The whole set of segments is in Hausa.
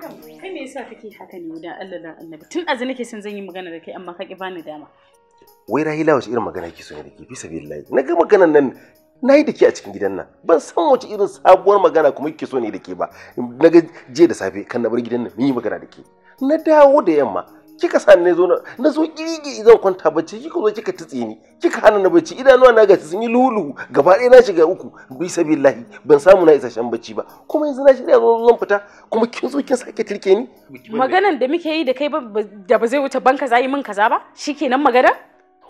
kai me yasa kake haka ne da Allah da Annabi? Tun azu nake son zan yi magana da kai amma ka ki bani dama. Wai Rahila wace irin magana ke so ne da ke fi sabilillahi. Na ga maganan nan na yi da ke a cikin gidan nan ban san wace irin sabuwar magana kuma kike so ne da ke ba na ga je da safe kan na bar gidan nan mun yi magana da ke na dawo da yamma kika sa ne zo na na zo kirigi zan kwanta bacci kika zo kika tutse ni kika hana na bacci idanuwa na gashi sun yi lulu gaba ɗaya na shiga uku bi sabillahi ban samu na isasshen bacci ba kuma yanzu na shirya zo zan fita kuma kin zo kin sake tirke ni maganan da muke yi da kai da ba zai wuce banka zai min kaza ba shikenan magana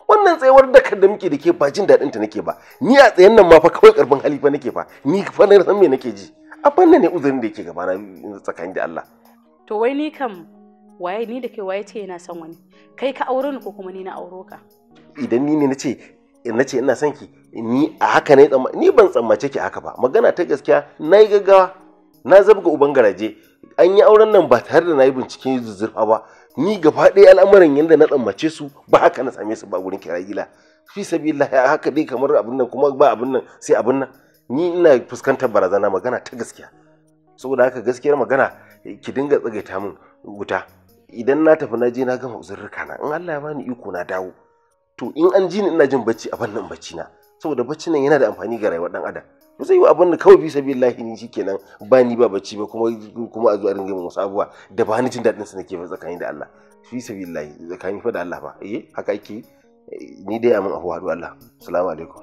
wannan tsayawar da kan da muke da ke ba jin daɗin ta nake ba ni a tsayen nan ma fa kawai karfin hali fa nake fa ni fa na san me nake ji a fannin ne uzurin da yake gaba na tsakanin da Allah to wai ni kam waye ni da kai waye ce yana son wani kai ka aure ni ko kuma ni na auro ka idan ni ne na ce na ce ina son ki ni a haka ne ni ban tsammace ki haka ba magana ta gaskiya na yi gaggawa na zabga uban garaje an yi auren nan ba tare da na yi bincike zuzzurfa ba ni gaba ɗaya al'amuran yadda na tsammace su ba haka na same su ba gurin gila fi sabilillah haka dai kamar abin nan kuma ba abin nan sai abin nan ni ina fuskantar barazana magana ta gaskiya saboda haka gaskiyar magana ki dinga tsagaita min wuta idan na tafi na je na gama uzurruka na in Allah ya bani iko na dawo to in an ji ni ina jin bacci a bannan bacci na saboda bacci nan yana da amfani ga rayuwar dan adam to zai yi abin da kawai fi sabilillahi ni shikenan ba ni ba bacci ba kuma kuma a zuwa ringa wasu abubuwa da ba ni jin daɗin su nake ba tsakani da Allah fi sabilillahi tsakani fa da Allah ba eh haka ake eh, ni dai amin abu haɗu Allah assalamu alaikum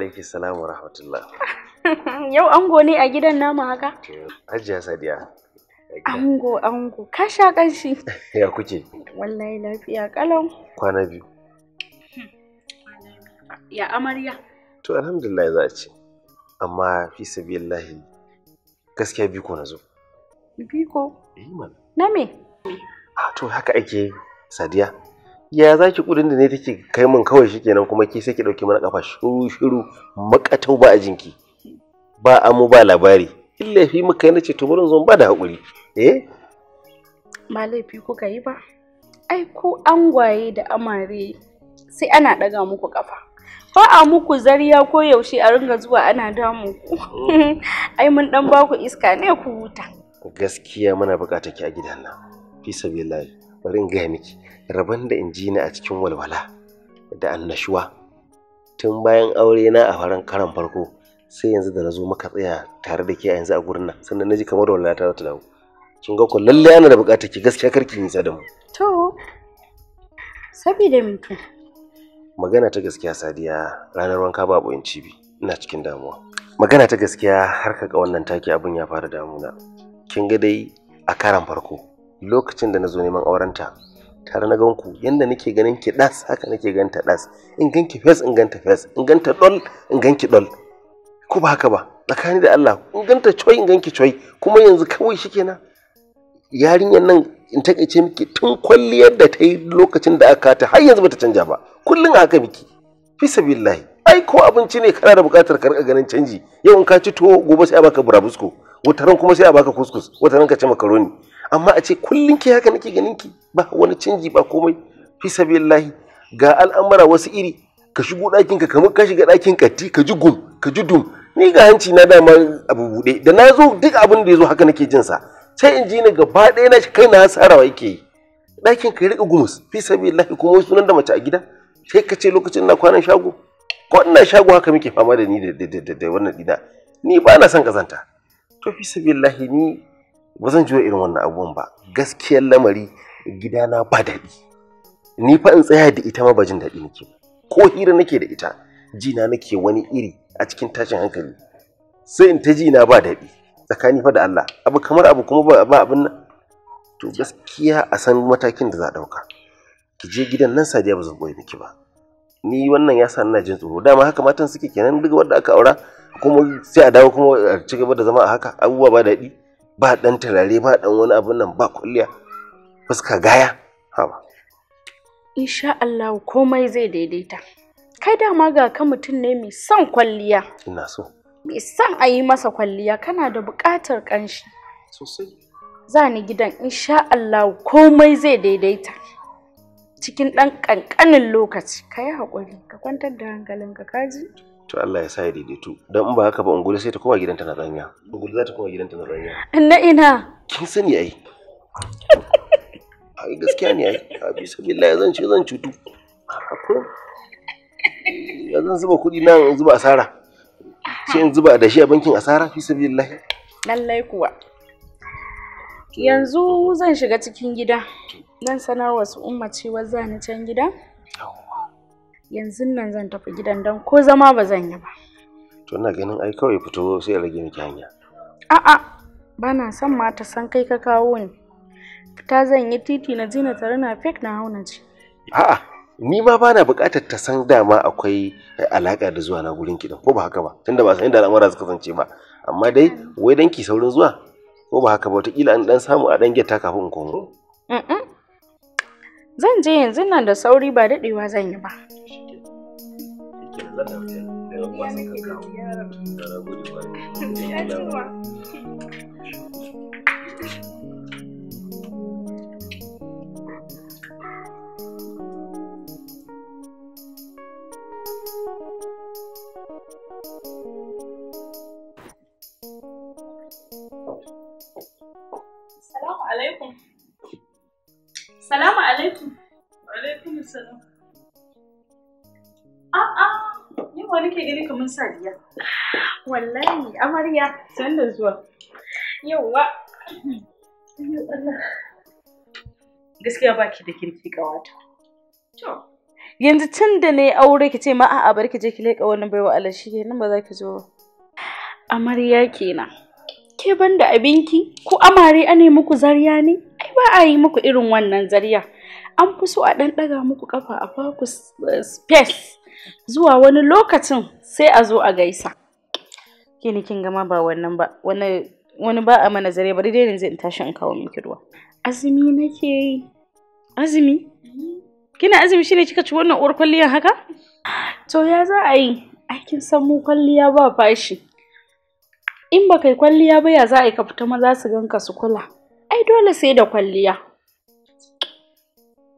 alaikum salam wa rahmatullah. Yau ango ne a gidan namu haka? Hajiya Sadiya. Ango ango ka sha kanshi. Ya kuke? Wallahi lafiya kalau. Kwana biyu. Hmm. Ya amarya. To alhamdulillah za a ce. Amma fi sabilillahi gaskiya biko na zo. Biko? Eh mana. Na me? Ah, to haka ake Sadiya. ya za ki kudin da ne take kai mun kawai kenan kuma ke sai ki dauki mana kafa shiru shiru makatau ba a jinki ba amu ba labari illa fi muka yi to burin zon ba da hakuri eh ba laifi kuka yi ba ai ko angwaye da amare sai ana ɗaga muku kafa ba a muku zariya ko yaushe a ringa zuwa ana damu ai mun dan baku iska ne ku huta gaskiya muna buƙatar ki a gidan nan fi sabilillahi bari in gaya miki rabon da in ji ni a cikin walwala da annashuwa tun bayan aure na a faran karan farko sai yanzu da na zo maka tsaya tare da ke a yanzu a gurin nan sannan na ji kamar walwala ta za ta dawo kin ga ku lalle ana da buƙatar ki gaskiya karki nisa da mu to sabida me to magana ta gaskiya sadiya ranar wanka ba boyin cibi ina cikin damuwa magana ta gaskiya har ga wannan take abun ya fara damuna kin ga dai a karan farko lokacin da na zo neman aurenta tare na ganku yadda nake ganin ki das haka nake ganta das in ganki fes in ganta fes in ganta dol in ganki dol ko ba haka ba tsakani da Allah in ganta coy in ganki coy kuma yanzu kawai shikenan yarinyar nan in takaice miki tun kwalliyar da ta yi lokacin da aka ta har yanzu bata canja ba kullum aka miki fi sabilillahi ai ko abinci ne kana da bukatar ka rika ganin canji yau in ka ci tuwo gobe sai a baka burabusko wataran kuma sai a baka kuskus wataran ka ci makaroni amma a ce kullum ki haka nake ganin ki ba wani canji ba komai fi sabilillahi ga al'amara wasu iri ka shigo ɗakin ka kamar ka shiga ɗakin katti ka ji gum ka ji dum ni ga hanci na dama abu buɗe da na zo duk abin da ya zo haka nake jin sa sai in ji ni gaba ɗaya na kai na hasarawa yake yi ɗakin ka riƙa gumus fi sabilillahi kuma wasu nan da mace a gida sai ka ce lokacin na kwanan shago ko ina shago haka muke fama da ni da wannan dina ni ba na son kazanta to fi sabilillahi ni ba zan juya irin wannan abubuwan ba gaskiyar lamari gidana ba daɗi ni fa in tsaya da ita ma ba jin daɗi nake ko hira nake da ita jina nake wani iri a cikin tashin hankali sai in ta jina ba daɗi tsakani fa da Allah abu kamar abu kuma ba abin nan to gaskiya a san matakin da za a ɗauka ki je gidan nan sadiya ba zan boye miki ba ni wannan ya sa ina jin tsoro dama haka matan suke kenan duk wanda aka aura kuma sai a dawo kuma a ci gaba da zama a haka abubuwa ba daɗi ba ɗan turare ba ɗan wani abun nan ba kulliya fuska gaya haba insha Allah komai zai daidaita kai dama ga ka mutum ne mai son kwalliya ina so mai son a yi masa kwalliya kana da buƙatar ƙanshi sosai za ni gidan insha Allah komai zai daidaita cikin ɗan ƙanƙanin lokaci ka yi ka kwantar da hankalinka kaji to Allah ya sa ya daidaito. don in ba haka ba ungulu sai ta koma gidanta na ranya ungulu za ta koma gidanta na ranya na ina kin sani ai ai gaskiya ne ai a bisa billahi zan ce zan cutu ya zan zuba kuɗi na in zuba asara sai in zuba da shi a bankin asara fi sabilillahi lallai kuwa yanzu zan shiga cikin gida nan sanarwa su umma cewa za ni can gida yanzu nan zan tafi gidan dan ko zama ba zan yi ba to ina ganin ai kawai fito sai rage miki hanya a'a bana son ma san kai ka kawo ni fita zan yi titi na je na tare na fake na hauna ce a'a ni ma bana buƙatar ta san dama akwai alaƙa da zuwa na gurin kiɗan, ko ba haka ba tunda ba san inda al'amura suka kasance ba amma dai wai danki saurin zuwa ko ba haka ba wataƙila an dan samu a dan gyata kafin in komo zan je yanzu nan da sauri ba daɗewa zan yi ba Assalamu alaikum. Salamu alaikum. Wa alaikum salam. A'a, ni wani nake gani kamar sadiya. Wallahi, amarya, san da zuwa. Yawwa. Gaskiya baki da kirki kawata. To. Yanzu tun da na yi aure ki ce ma a'a bar ki je ki leƙa wannan baiwa Allah shi kenan ba za ki zo. Amarya kenan. Ke banda abinki ko amare ane muku zariya ne? ba a yi muku irin wannan zariya, an fi so a ɗan ɗaga muku kafa a faku eh, space zuwa wani lokacin sai a zo a gaisa kini kin gama ba wannan ba wani ba a mana zare bari dai zai tashi in kawo miki ruwa azumi nake yi azumi kina azumi shine kika ci wannan uwar kwalliya haka to ya za a yi aikin san mu kwalliya ba fashi in ba kai kwalliya ba ya za a yi ka fita maza su ganka su kula ai dole sai da kwalliya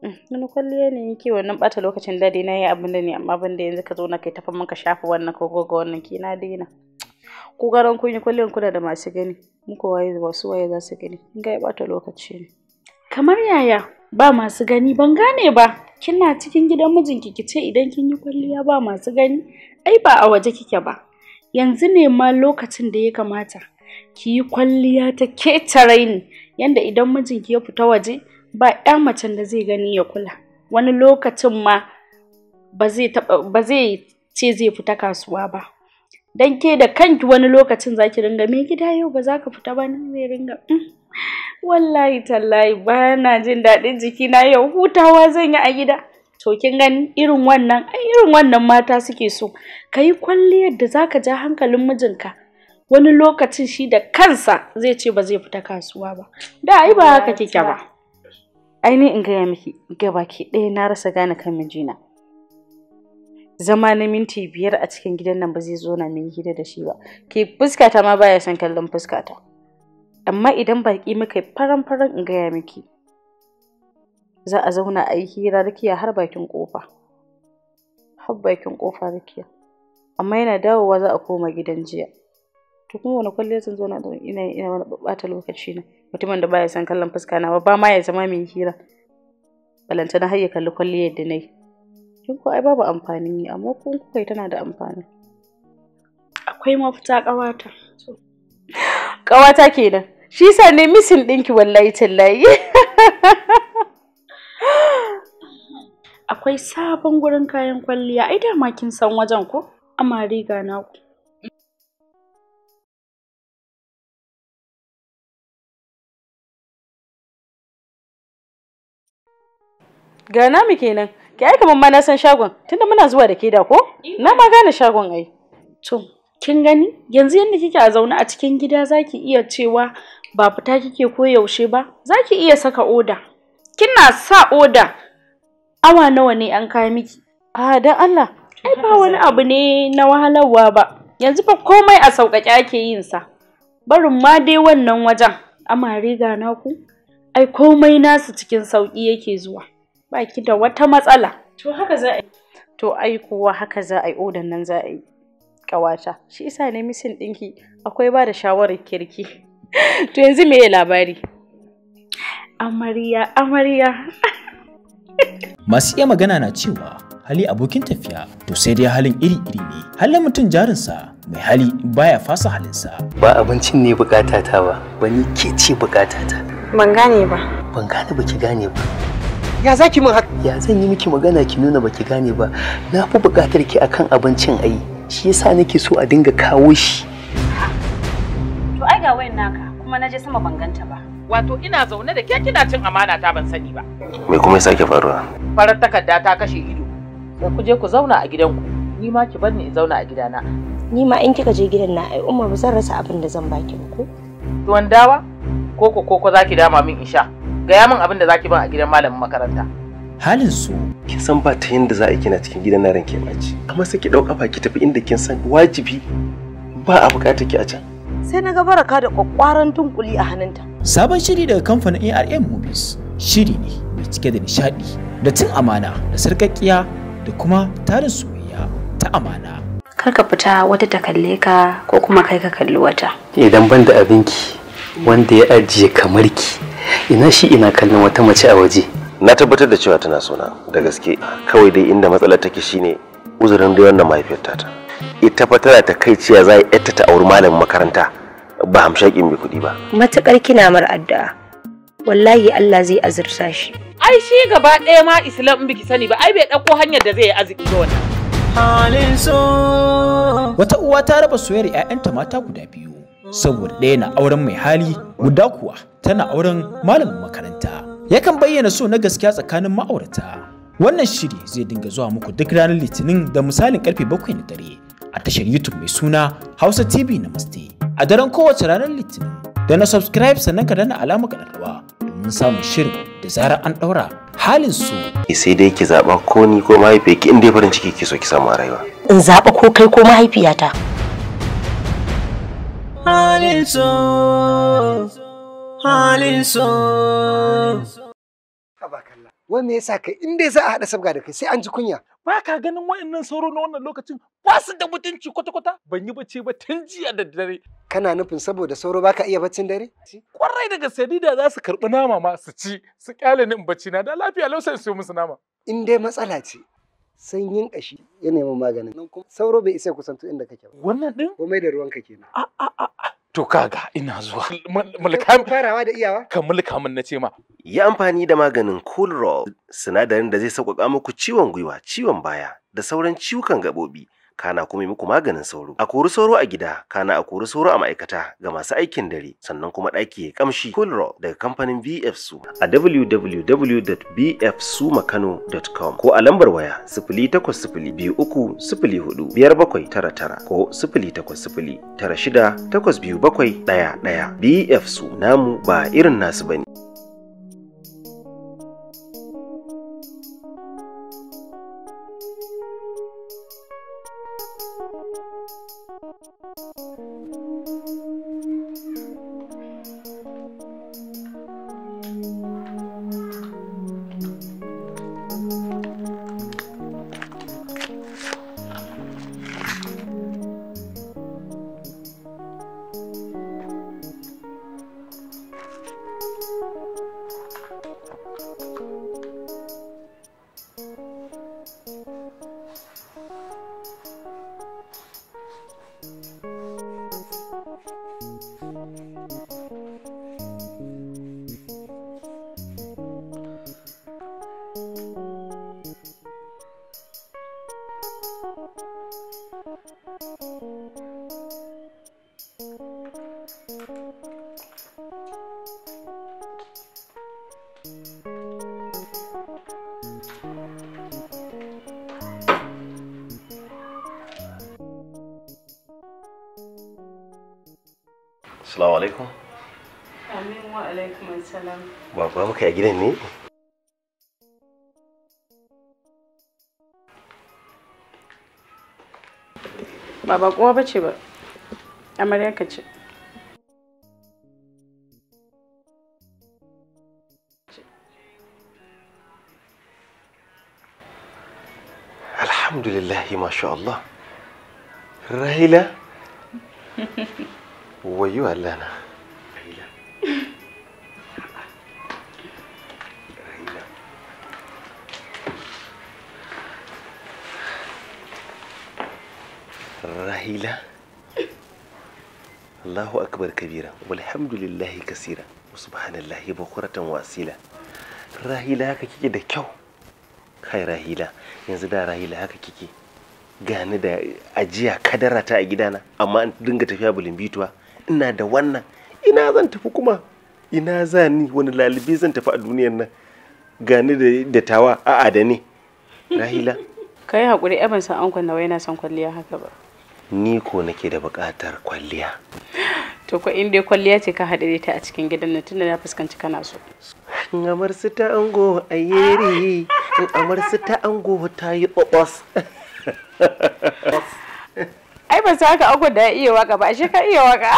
mm, wani kwalliya ne yake wannan bata lokacin dadi na yi abin da ne amma abin da yanzu ka zo na kai tafan maka shafa wannan ko goga wannan ke na daina ko garan kun yi kwalliyan kuna da masu gani muku waye wasu waye za su gani in ga bata lokaci ne kamar yaya ba masu gani ban gane ba kina cikin gidan mijinki ki ce idan kin yi kwalliya ba masu gani ai ba a waje kike ba yanzu ne ma lokacin da ya kamata ki yi kwalliya ta ketare ni yanda idan mijinki ya fita waje ba 'ya macen da zai gani ya kula wani lokacin ma ba zai ce zai fita kasuwa ba dan ke da kanki wani lokacin zaki ringa me gida yau ba za ka fita ba ne zai ringa mm, wallahi tallahi ba na jin daɗin jikina yau hutawa zan yi a gida to kin gani irin wannan ai irin wannan mata suke so ka yi kwalliyar da zaka ja hankalin mijinka wani lokacin shi da kansa zai ce ba zai fita kasuwa ba da ai ba haka kike ba ai ni in gaya miki ke ɗaya na rasa gane kan mijina zama na minti biyar a cikin gidan nan ba zai zo na min hira da shi ba ke fuskata ma baya son kallon fuskata amma idan baki muka faran faran in gaya miki za a zauna a yi hira rikiya har bakin kofa har bakin kofa rikiya amma yana dawowa za a koma gidan jiya to kuma wani kwalliya zan zo na da ina ina wani bata lokaci na mutumin da baya san kallon fuska na ba ma ya zama mai hira balanta na hayya kalli kwalliya da nayi kin ko ai babu amfani amma kun kuka tana da amfani akwai mafita kawata kawata kenan shi sa ne misin ɗinki wallahi tallahi akwai sabon gurin kayan kwalliya ai da kin san wajen ko amma riga na ku Ga namu kenan. Ki aika ma na san shagon tunda muna zuwa da ke da ko? Na ma gane shagon ai. To, kin gani? Yanzu yanda kike a zaune a cikin gida zaki iya cewa ba fita kike ko yaushe ba, zaki iya saka oda. Kina sa oda. Awa nawa ne an kai miki? A dan Allah, ai ba wani abu ne na wahalarwa ba. Yanzu fa komai a sauƙaƙe ake yin sa. Barin ma dai wannan wajen, amare ga ku. ai komai nasu cikin sauƙi yake zuwa. ba ki da wata matsala to haka za a yi to ai kuwa haka za a yi odan nan za a yi kawata shi isa ne misin ɗinki akwai ba da shawarar kirki to yanzu me labari amarya amarya masu iya magana na cewa hali abokin tafiya to sai dai halin iri-iri ne halin mutum jarinsa mai hali baya fasa halinsa ba abincin ne bukatata ba ba ni ke ce bukatata ban gane ba ban gane ba ki gane ba ya za ki min haka ya zan yi miki magana ki nuna baki gane ba na fi buƙatar ki akan abincin ai. shi yasa nake so a dinga kawo shi to ai ga wayan naka kuma naje sama ban ganta ba wato ina zaune da ke kina cin amana ta ban sani ba me kuma ya sake faruwa farar takarda ta kashe ido sai ku je ku zauna a gidanku ni ma ki bar ni in zauna a gidana ni ma in kika je gidan na ai umma ba zan rasa abin da zan baki ba ko tuwon dawa koko koko zaki dama min in sha gaya min abin da zaki ban a gidan malamin makaranta halin su kin san ba ta yanda za a kina cikin gidan na ranke baci amma sai ki dau kafa ki tafi inda kin san wajibi ba a bukata ki a can sai na ga baraka da kwakwaran tunkuli a hannunta sabon shiri daga kamfanin ARM Movies shiri ne mai cike da nishadi da tun amana da sarkakkiya da kuma tarin soyayya ta amana kar ka fita wata ta kalle ka ko kuma kai ka kalli wata idan ban da abinki wanda ya ajiye kamar ki ina shi ina kallon wata mace a waje na tabbatar da cewa tana sona da gaske kawai dai inda matsalar take shine uzurin da wannan mahaifiyar tata ita fa tana ta kai ciya za ta ta auri malamin makaranta ba hamshakin mai kuɗi ba matukar kina mar addu'a wallahi Allah zai azurta shi ai shi gaba ɗaya ma islam in biki sani ba ai bai ɗauko hanyar da zai yi arziki ga wannan halin so wata uwa ta raba soyayyar 'ya'yanta mata guda biyu saboda ɗaya na auren mai hali guda kuwa tana auren malamin makaranta yakan bayyana so na gaskiya tsakanin ma'aurata wannan shiri zai dinga zuwa muku duk ranar litinin da misalin karfe bakwai na dare a tashar youtube mai suna hausa tv na namaste a daren kowace ranar litinin da na subscribe sannan ka dana alamar kararrawa domin samun shirin da zarar an ɗaura halin su eh, sai dai ki zaɓa ko ni ko mahaifiyarki in dai farin ciki ki so ki samu a rayuwa in zaɓa ko kai ko mahaifiyata halin so halin so wanda ya sa In inda za a haɗa sabga da kai sai an ji kunya ba ka ganin wa'annan sauro na wannan lokacin ba su da mutunci kwata-kwata ban yi bacci ba tun jiya da dare kana nufin saboda sauro ba ka iya baccin dare kwarai daga sadida za su karɓi nama ma su ci su kyale ni in bacci na da lafiya lau sai su musu nama in dai matsala ce sanyin ƙashi ya nemi maganin nan kuma sauro bai isa kusantu inda kake ba wannan din komai da ruwanka kenan a a a to kaga ina zuwa mulka farawa da iyawa ka mulka mun nace ma yi amfani da maganin cool roll sinadarin da zai sauƙaƙa muku ciwon gwiwa ciwon baya da sauran ciwukan gaɓoɓi kana kuma yi muku maganin sauro a kori sauro a gida kana a kori sauro a ma'aikata ga masu aikin dare sannan kuma ɗaki ya kamshi kulro daga kamfanin bf su a www.bfsumakano.com ko a lambar waya sifili takwas biyar bakwai ko sifili takwas shida takwas biyu bakwai ɗaya ɗaya bf su namu ba irin nasu ba ne. Assalamu alaikum. Amin wa alaikum assalam. Baba muka a gidan ne? Baba kowa bace ba. Amarya ka ce. ما شاء الله رهيلة ويو هلانا رهيلة رهيلة الله أكبر كبيرة والحمد لله كثيرا وسبحان الله بخورة واسيلة رهيلة هكا كيكي دا كيو خير رهيلة ينزل رهيلة هكا كيكي gani da ajiya kadara ta a gidana amma an dinga tafiya bituwa ina da wannan ina zan tafi kuma ina za wani lalibi zan tafi a duniyar nan gani da tawa a'a da rahila ka yi haƙuri ban san an kwanna yana son kwalliya haka ba ni ko nake da buƙatar kwalliya to ko in dai kwalliya ce ka haɗe ta a cikin gidan nan tunda na fuskanci kana so in su ta ango a yeri su ta ango ta yi ɓaɓas ai ba su haka akwai da iya waka ba ashe ka iya waka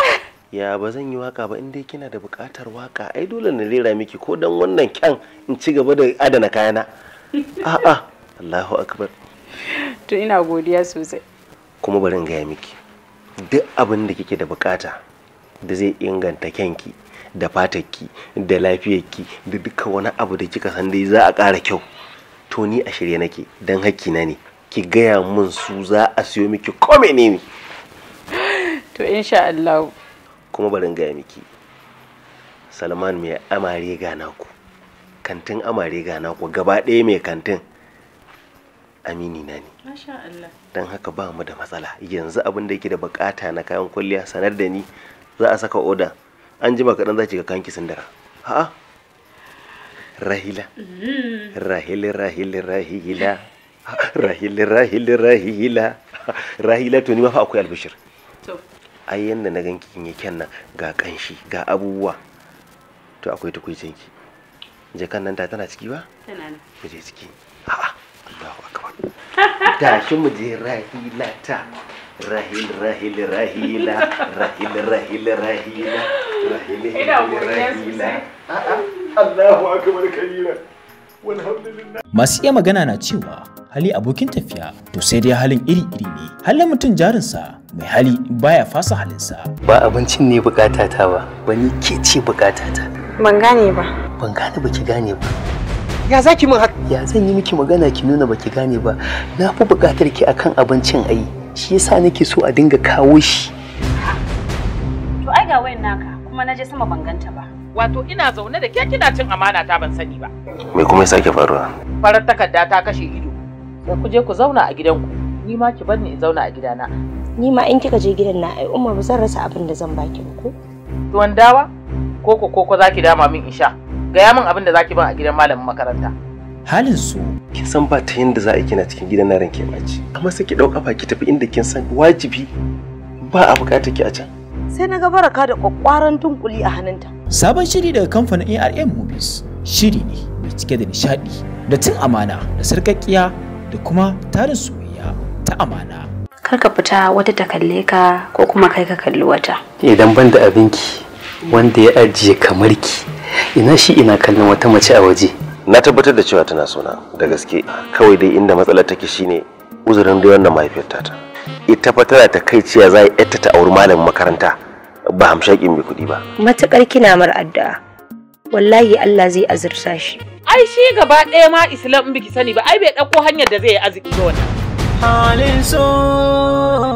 ya ba zan yi waka ba inda dai kina da buƙatar waka ai dole na rera miki ko dan wannan kyan in ci gaba da adana kayana a'a Allahu akbar to ina godiya sosai kuma barin gaya miki duk abin da kike da bukata da zai inganta kyanki da fatakki da lafiyarki da duka wani abu da kika san dai za a ƙara kyau to ni a shirye nake don na ne ki gaya min su za a siyo miki ko menene to insha Allah kuma barin gaya miki Salman mai amare gana ku kantin amare gana ku gaba ɗaya mai kantin amini na ne don haka ba mu da matsala yanzu abin da yake da bukata na kayan kwalliya sanar da ni za a saka oda an jima kaɗan za ki ga kanki sindara ha rahila mm-hmm. rahila rahila rahila rahila rahila rahila rahila to ni ma fa akwai albishir to ai yanda na ganki kin yake nan ga kanshi ga abubuwa to akwai tukuicin ki kan nan ta tana ciki ba tana ne mu je ciki a Allahu akbar shi mu je rahila ta rahil rahil rahila rahil rahil rahila rahil rahila a Allahu akbar kabira walhamdulillah masu iya magana na cewa hali abokin tafiya to sai dai halin iri-iri ne halin mutum jarinsa mai hali baya fasa halinsa ba abincin ne ta ba wani ke ce ta. ban gane ba ban gane ba ki gane ba ya za ki min haka ya zan yi miki magana ki nuna baki gane ba na fi bukatar ki akan abincin ai shi yasa nake so a dinga kawo shi to ai ga wayan naka kuma naje sama ban ganta ba wato ina zaune da ke kina cin amana ta ban sani ba me kuma ya sake faruwa farar takarda ta kashe ido da ku je ku zauna a gidanku ni ma ki bar ni in zauna a gidana ni ma in kika je gidan na ai umar zan rasa abin da zan baki ko tuwon dawa ko ko ko zaki dama min in sha gaya min abin da zaki ban a gidan malamin makaranta halin su kin san ba ta yanda za a kina cikin gidan na ranke baci amma sai ki dau kafa ki tafi inda kin san wajibi ba a bukata ki a can sai na ga baraka da kwakwaran tunkuli a hannunta sabon shiri daga kamfanin ARM Movies shiri ne mai cike da nishadi da cin amana da sarkakkiya da kuma tarin soyayya ta amana kar ka fita wata ta kalle ka ko kuma kai ka kalli wata idan ban da abinki wanda ya ajiye kamar ki ina shi ina kallon wata mace a waje na tabbatar da cewa tana sona da gaske kawai dai inda matsalar take shine uzurin da wannan mahaifiyar ta ita fa tana ta kai ciya za a ta auri malamin makaranta ba hamshakin mai kuɗi ba matukar kina mar'adda. wallahi Allah zai azurta shi ai shi gaba ɗaya ma islam biki sani ba ai bai ɗauko hanyar da zai yi arziki ga wannan halin so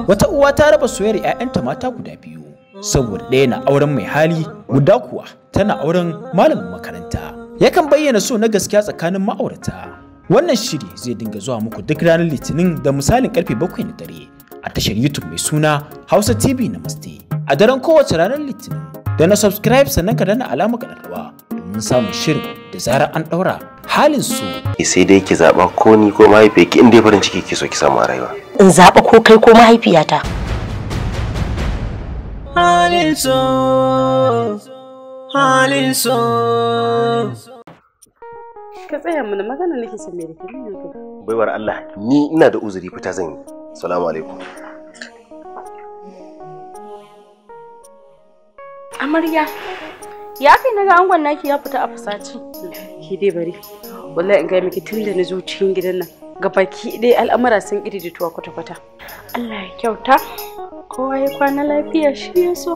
wata uwa ta raba soyayyar 'ya'yanta mata guda biyu saboda ɗaya na auren mai hali guda kuwa tana auren malamin makaranta yakan bayyana so na gaskiya tsakanin ma'aurata wannan shiri zai dinga zuwa muku duk ranar litinin da misalin karfe bakwai na dare a tashar youtube mai suna hausa tv namaste a daren kowace ranar litinin da na subscribe sannan ka dana alamar kararrawa domin samun shirin da zarar an daura halin su eh, sai dai ki zaba ko ni ko mahaifi ki inda farin ciki ki so ki samu rayuwa in zaba ko kai ko mahaifiyata halin su halin su ka tsaya mana magana nake son me da ke baiwar Allah ni ina da uzuri fita zan yi assalamu alaikum Amarya. Ya kai na ga angon naki ya fita a fasaci. Ki dai bari. Wallahi in ga miki tun da na zo cikin gidan nan. Ga baki dai al'amura sun iri da tuwa kwata-kwata. Allah ya kyauta. Kowa ya kwana lafiya shi ya so.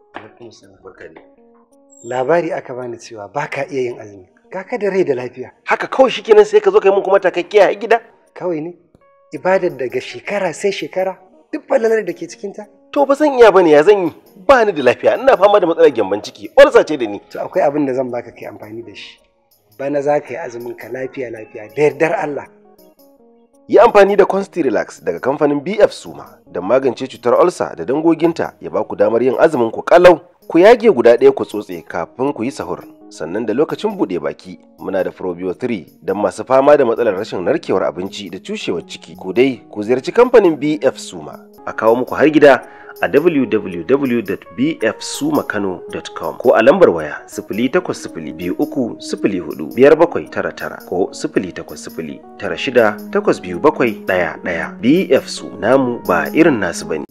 labari aka bani cewa ba ka iya yin azumi Ka da rai da lafiya haka kawai shi kenan sai ka zo kai mun kuma takakkiya a gida kawai ne ibadar daga shekara sai shekara duk falalar da ke cikinta to ba zan iya bane ya zan yi ba ni da lafiya ina fama da matsalar gyamban ciki ƙwarsa ce da ni to akwai abin da zan baka kai amfani da shi bana za ka yi azumin ka lafiya lafiya da yardar Allah Yi amfani da Consti daga kamfanin BF Suma don magance cutar olsa da dangoginta ya ba ku damar yin azumin ku kalau. Ku yage guda ɗaya ku tsotse kafin ku yi sahur. Sannan da lokacin buɗe baki muna da Probio 3 don masu fama da matsalar rashin narkewar abinci da cushewar ciki. Ku dai ku ziyarci kamfanin BF Suma a kawo muku har gida a www.bfsumakano.com ko a lambar waya sifili takwas sifili biyu uku sifili hudu biyar bakwai tara tara ko sifili takwas sifili tara shida takwas biyu bakwai daya daya bfsu namu ba irin nasu ba ne